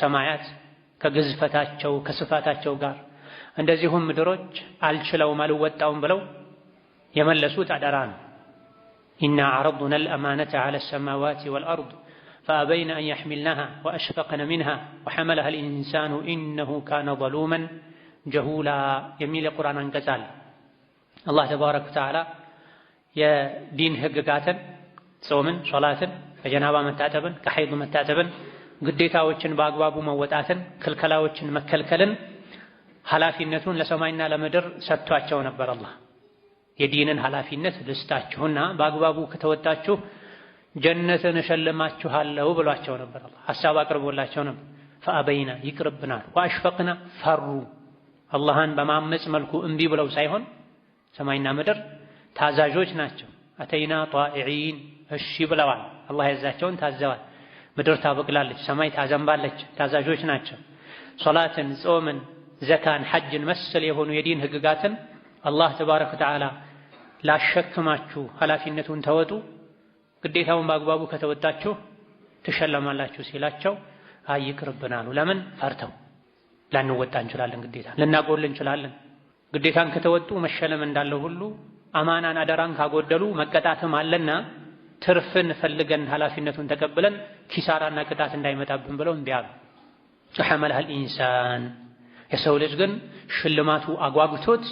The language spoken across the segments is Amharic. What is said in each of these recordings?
ሰማያት ከግዝፈታቸው ከስፋታቸው ጋር እንደዚሁም ምድሮች አልችለውም አልወጣውም ብለው የመለሱት አደራ ነው። ኢና ዓረضና አልአማነተ ዐላ ሰማዋት ወልአርድ ፈአበይነ አን የሕሚልናሃ ወአሽፈቅነ ሚንሃ ወሐመለሃ ልኢንሳኑ ኢነሁ ካነ ዘሉመን ጀሁላ የሚል የቁርአን አንቀጽ አለ። አላህ ተባረከ ወተዓላ የዲን ህግጋትን ጾምን፣ ሶላትን፣ ከጀናባ መታጠብን፣ ከሐይድ መታጠብን ግዴታዎችን በአግባቡ መወጣትን፣ ክልከላዎችን መከልከልን፣ ኃላፊነቱን ለሰማይና ለምድር ሰጥቷቸው ነበር። አላህ የዲንን ኃላፊነት ልስጣችሁና በአግባቡ ከተወጣችሁ ጀነትን እሸልማችኋለሁ ብሏቸው ነበር። አላህ ሐሳብ አቅርቦላቸው ነበር። ፈአበይና ይቅርብናል፣ ወአሽፈቅና ፈሩ። አላህን በማመጽ መልኩ እምቢ ብለው ሳይሆን ሰማይና ምድር ታዛዦች ናቸው። አተይና ጣኢዒን እሺ ብለዋል። አላህ ያዛቸውን ታዘዋል። ምድር ታበቅላለች፣ ሰማይ ታዘንባለች፣ ታዛዦች ናቸው። ሶላትን፣ ጾምን፣ ዘካን፣ ሐጅን መሰል የሆኑ የዲን ህግጋትን አላህ ተባረከ ወተዓላ ላሸክማችሁ ኃላፊነቱን ተወጡ፣ ግዴታውን በአግባቡ ከተወጣችሁ ትሸለማላችሁ ሲላቸው አይ ለምን ፈርተው ላንወጣ እንችላለን፣ ግዴታ ልናጎል እንችላለን። ግዴታን ከተወጡ መሸለም እንዳለው ሁሉ አማናን አደራን ካጎደሉ መቀጣትም አለና ትርፍን ፈልገን ኃላፊነቱን ተቀብለን ኪሳራና ቅጣት እንዳይመጣብን ብለው እምቢ አሉ። ጨሐመልሃል ኢንሳን የሰው ልጅ ግን ሽልማቱ አጓጉቶት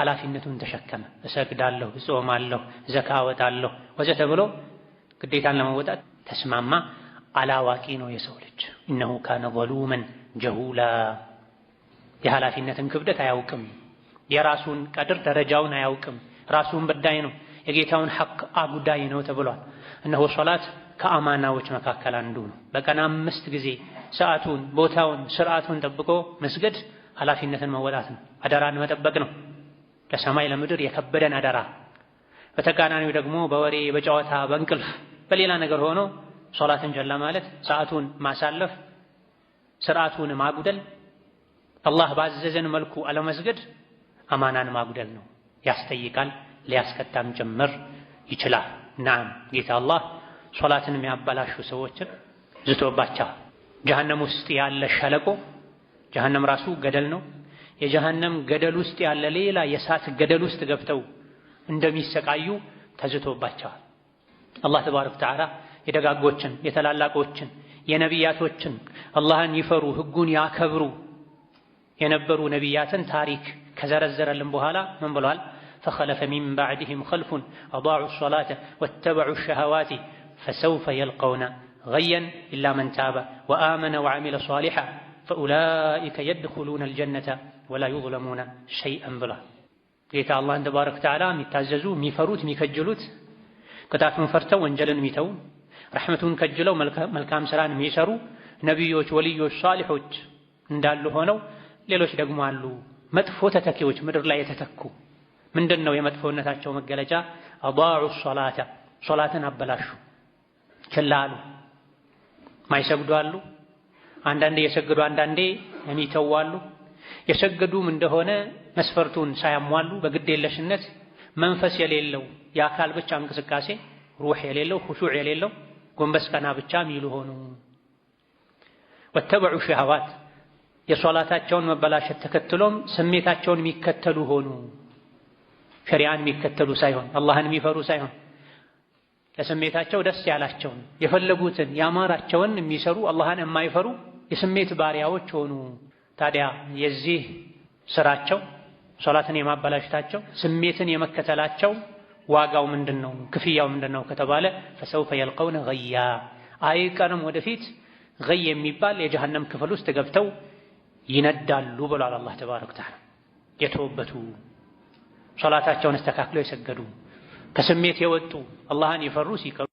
ኃላፊነቱን ተሸከመ። እሰግዳለሁ፣ እጾማለሁ፣ ዘካ አወጣለሁ ወዘተ ብሎ ግዴታን ለመወጣት ተስማማ። አላዋቂ ነው የሰው ልጅ። እነሁ ካነ ዘሉመን ጀሁላ የኃላፊነትን ክብደት አያውቅም። የራሱን ቀድር ደረጃውን አያውቅም። ራሱን በዳይ ነው። የጌታውን ሐቅ አጉዳይ ነው ተብሏል። እነሆ ሶላት ከአማናዎች መካከል አንዱ ነው። በቀን አምስት ጊዜ ሰዓቱን፣ ቦታውን፣ ስርዓቱን ጠብቆ መስገድ ኃላፊነትን መወጣት ነው፣ አደራን መጠበቅ ነው። ለሰማይ ለምድር የከበደን አደራ። በተቃራኒው ደግሞ በወሬ በጨዋታ በእንቅልፍ በሌላ ነገር ሆኖ ሶላትን ጀላ ማለት ሰዓቱን ማሳለፍ፣ ስርዓቱን ማጉደል፣ አላህ ባዘዘን መልኩ አለመስገድ አማናን ማጉደል ነው፣ ያስጠይቃል። ሊያስከታም ጭምር ይችላል። ናም ጌታ አላህ ሶላትን የሚያበላሹ ሰዎችን ዝቶባቸዋል። ጀሀነም ውስጥ ያለ ሸለቆ ጀሀነም ራሱ ገደል ነው። የጀሀነም ገደል ውስጥ ያለ ሌላ የእሳት ገደል ውስጥ ገብተው እንደሚሰቃዩ ተዝቶባቸዋል። አላህ ተባረከ ወተዓላ የደጋጎችን የተላላቆችን የነቢያቶችን አላህን ይፈሩ ህጉን ያከብሩ የነበሩ ነቢያትን ታሪክ ከዘረዘረልን በኋላ ምን ብሏል? فخلف من بعدهم خلف أضاعوا الصلاة واتبعوا الشهوات فسوف يلقون غيا إلا من تاب وآمن وعمل صالحا فأولئك يدخلون الجنة ولا يظلمون شيئا بلا قيت الله أن تبارك تعالى ميتاززو ميفروت ميكجلوت كتاف مفرتو وانجل ميتو رحمة كجلو ملكام سران ميسرو نبيوش وليوش صالحوش اندالو هونو ليلوش دقمو له مدفوتة تكيوش لا يتتكو ምንድን ነው የመጥፎነታቸው መገለጫ? አዳዑ ሶላተ ሶላትን አበላሹ፣ ችላ አሉ። ማይሰግዱ አሉ። አንዳንዴ የሰገዱ አንዳንዴ የሚተዉ አሉ። የሰገዱም እንደሆነ መስፈርቱን ሳያሟሉ በግድ የለሽነት መንፈስ የሌለው የአካል ብቻ እንቅስቃሴ ሩህ የሌለው ሁሹዕ የሌለው ጎንበስ ቀና ብቻ ሚሉ ሆኑ። ወተበዑ ሸህዋት የሶላታቸውን መበላሸት ተከትሎም ስሜታቸውን የሚከተሉ ሆኑ። ሸሪዓን የሚከተሉ ሳይሆን አላህን የሚፈሩ ሳይሆን ለስሜታቸው ደስ ያላቸውን የፈለጉትን ያማራቸውን የሚሰሩ አላህን የማይፈሩ የስሜት ባሪያዎች ሆኑ። ታዲያ የዚህ ስራቸው ሶላትን የማበላሸታቸው ስሜትን የመከተላቸው ዋጋው ምንድን ነው? ክፍያው ምንድን ነው ከተባለ ፈሰውፈ የልቀውነ ገያ አይቀርም ወደፊት ገይ የሚባል የጀሃነም ክፍል ውስጥ ገብተው ይነዳሉ ብሏል አላህ ተባረክ ወተዓላ የተወበቱ ሶላታቸውን አስተካክለው የሰገዱ ከስሜት የወጡ አላህን የፈሩ ሲቀሩ